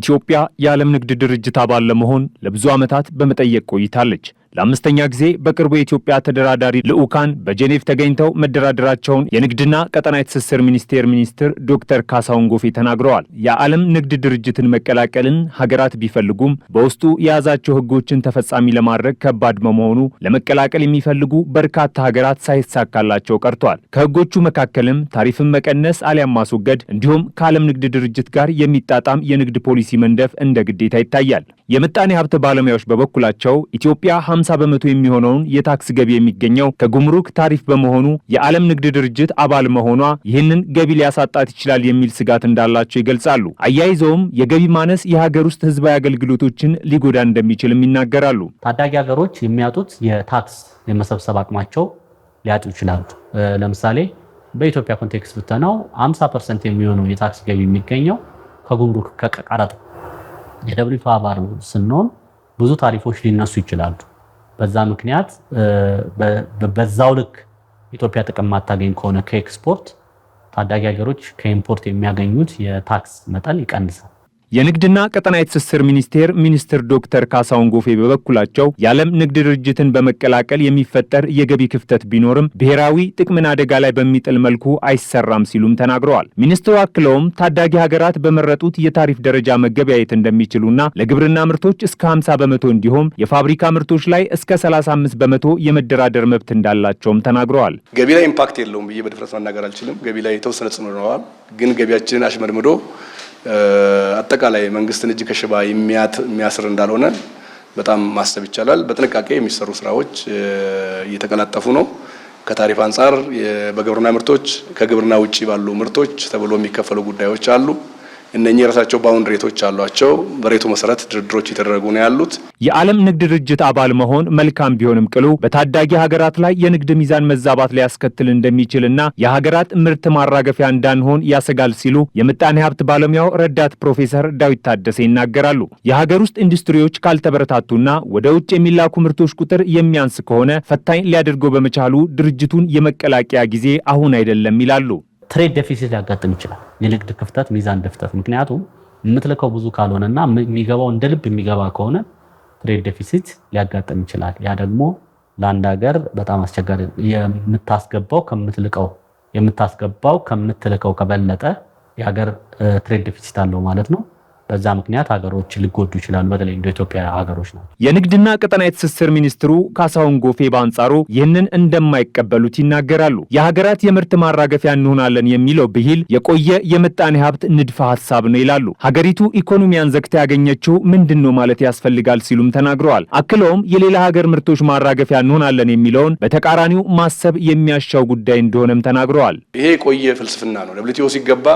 ኢትዮጵያ የዓለም ንግድ ድርጅት አባል ለመሆን ለብዙ ዓመታት በመጠየቅ ቆይታለች። ለአምስተኛ ጊዜ በቅርቡ የኢትዮጵያ ተደራዳሪ ልዑካን በጄኔቭ ተገኝተው መደራደራቸውን የንግድና ቀጠናዊ ትስስር ሚኒስቴር ሚኒስትር ዶክተር ካሳሁን ጎፌ ተናግረዋል። የዓለም ንግድ ድርጅትን መቀላቀልን ሀገራት ቢፈልጉም በውስጡ የያዛቸው ሕጎችን ተፈጻሚ ለማድረግ ከባድ በመሆኑ ለመቀላቀል የሚፈልጉ በርካታ ሀገራት ሳይሳካላቸው ቀርቷል። ከሕጎቹ መካከልም ታሪፍን መቀነስ አሊያም ማስወገድ እንዲሁም ከዓለም ንግድ ድርጅት ጋር የሚጣጣም የንግድ ፖሊሲ መንደፍ እንደ ግዴታ ይታያል። የምጣኔ ሀብት ባለሙያዎች በበኩላቸው ኢትዮጵያ 50 በመቶ የሚሆነውን የታክስ ገቢ የሚገኘው ከጉምሩክ ታሪፍ በመሆኑ የዓለም ንግድ ድርጅት አባል መሆኗ ይህንን ገቢ ሊያሳጣት ይችላል የሚል ስጋት እንዳላቸው ይገልጻሉ። አያይዘውም የገቢ ማነስ የሀገር ውስጥ ህዝባዊ አገልግሎቶችን ሊጎዳ እንደሚችልም ይናገራሉ። ታዳጊ ሀገሮች የሚያጡት የታክስ የመሰብሰብ አቅማቸው ሊያጡ ይችላሉ። ለምሳሌ በኢትዮጵያ ኮንቴክስት ብተናው 50 ፐርሰንት የሚሆነው የታክስ ገቢ የሚገኘው ከጉምሩክ ከቀረጥ የደብሊቱ አባል ስንሆን ብዙ ታሪፎች ሊነሱ ይችላሉ። በዛ ምክንያት በዛው ልክ ኢትዮጵያ ጥቅም ማታገኝ ከሆነ ከኤክስፖርት ታዳጊ ሀገሮች ከኢምፖርት የሚያገኙት የታክስ መጠን ይቀንሳል። የንግድና ቀጠናዊ ትስስር ሚኒስቴር ሚኒስትር ዶክተር ካሳሁን ጎፌ በበኩላቸው የዓለም ንግድ ድርጅትን በመቀላቀል የሚፈጠር የገቢ ክፍተት ቢኖርም ብሔራዊ ጥቅምን አደጋ ላይ በሚጥል መልኩ አይሰራም ሲሉም ተናግረዋል። ሚኒስትሩ አክለውም ታዳጊ ሀገራት በመረጡት የታሪፍ ደረጃ መገበያየት እንደሚችሉና ለግብርና ምርቶች እስከ 50 በመቶ እንዲሁም የፋብሪካ ምርቶች ላይ እስከ 35 በመቶ የመደራደር መብት እንዳላቸውም ተናግረዋል። ገቢ ላይ ኢምፓክት የለውም ብዬ በድፍረት መናገር አልችልም። ገቢ ላይ የተወሰነ ጽዕኖ ነዋል፣ ግን ገቢያችንን አሽመድምዶ አጠቃላይ መንግስትን እጅ ከሽባ የሚያስር እንዳልሆነ በጣም ማሰብ ይቻላል። በጥንቃቄ የሚሰሩ ስራዎች እየተቀላጠፉ ነው። ከታሪፍ አንጻር በግብርና ምርቶች ከግብርና ውጪ ባሉ ምርቶች ተብሎ የሚከፈሉ ጉዳዮች አሉ። እነኚህ የራሳቸው ባውንድሬቶች አሏቸው። በሬቱ መሰረት ድርድሮች የተደረጉ ነው ያሉት። የዓለም ንግድ ድርጅት አባል መሆን መልካም ቢሆንም ቅሉ በታዳጊ ሀገራት ላይ የንግድ ሚዛን መዛባት ሊያስከትል እንደሚችልና የሀገራት ምርት ማራገፊያ እንዳንሆን ያሰጋል ሲሉ የምጣኔ ሀብት ባለሙያው ረዳት ፕሮፌሰር ዳዊት ታደሰ ይናገራሉ። የሀገር ውስጥ ኢንዱስትሪዎች ካልተበረታቱና ወደ ውጭ የሚላኩ ምርቶች ቁጥር የሚያንስ ከሆነ ፈታኝ ሊያደርገው በመቻሉ ድርጅቱን የመቀላቀያ ጊዜ አሁን አይደለም ይላሉ። ትሬድ ዴፊሲት ሊያጋጥም ይችላል። የንግድ ክፍተት፣ ሚዛን ድፍተት። ምክንያቱም የምትልከው ብዙ ካልሆነና የሚገባው እንደ ልብ የሚገባ ከሆነ ትሬድ ዴፊሲት ሊያጋጥም ይችላል። ያ ደግሞ ለአንድ ሀገር በጣም አስቸጋሪ የምታስገባው ከምትልቀው የምታስገባው ከምትልከው ከበለጠ የሀገር ትሬድ ዴፊሲት አለው ማለት ነው። በዛ ምክንያት ሀገሮች ሊጎዱ ይችላሉ። በተለይ እንደ ኢትዮጵያ ሀገሮች ነው። የንግድና ቀጠና የትስስር ሚኒስትሩ ካሳሁን ጎፌ በአንጻሩ ይህንን እንደማይቀበሉት ይናገራሉ። የሀገራት የምርት ማራገፊያ እንሆናለን የሚለው ብሂል የቆየ የምጣኔ ሀብት ንድፈ ሀሳብ ነው ይላሉ። ሀገሪቱ ኢኮኖሚያን ዘግታ ያገኘችው ምንድን ነው ማለት ያስፈልጋል ሲሉም ተናግረዋል። አክለውም የሌላ ሀገር ምርቶች ማራገፊያ እንሆናለን የሚለውን በተቃራኒው ማሰብ የሚያሻው ጉዳይ እንደሆነም ተናግረዋል። ይሄ የቆየ ፍልስፍና ነው። ደብሊውቲኦ ሲገባ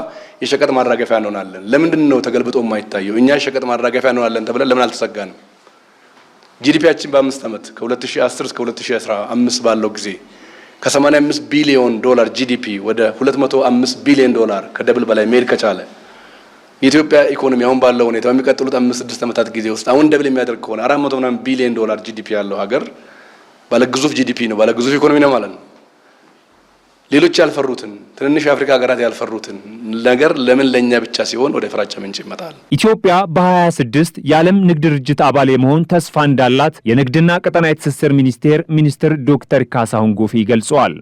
የሸቀጥ ማራገፊያ እንሆናለን። ለምንድን ነው ተገልብጦ የማይታየው? እኛ የሸቀጥ ማራገፊያ እንሆናለን ተብለን ለምን አልተሰጋንም? ጂዲፒያችን በአምስት ዓመት ከ2010 እስከ 2015 ባለው ጊዜ ከ85 ቢሊዮን ዶላር ጂዲፒ ወደ 205 ቢሊዮን ዶላር ከደብል በላይ መሄድ ከቻለ የኢትዮጵያ ኢኮኖሚ አሁን ባለው ሁኔታ በሚቀጥሉት አምስት ስድስት ዓመታት ጊዜ ውስጥ አሁን ደብል የሚያደርግ ከሆነ 400 ምናምን ቢሊዮን ዶላር ጂዲፒ ያለው ሀገር ባለ ግዙፍ ጂዲፒ ነው፣ ባለ ግዙፍ ኢኮኖሚ ነው ማለት ነው። ሌሎች ያልፈሩትን ትንንሽ የአፍሪካ ሀገራት ያልፈሩትን ነገር ለምን ለእኛ ብቻ ሲሆን ወደ ፍራቻ ምንጭ ይመጣል? ኢትዮጵያ በ26 የዓለም ንግድ ድርጅት አባል የመሆን ተስፋ እንዳላት የንግድና ቀጠና ትስስር ሚኒስቴር ሚኒስትር ዶክተር ካሳሁን ጎፌ ገልጸዋል።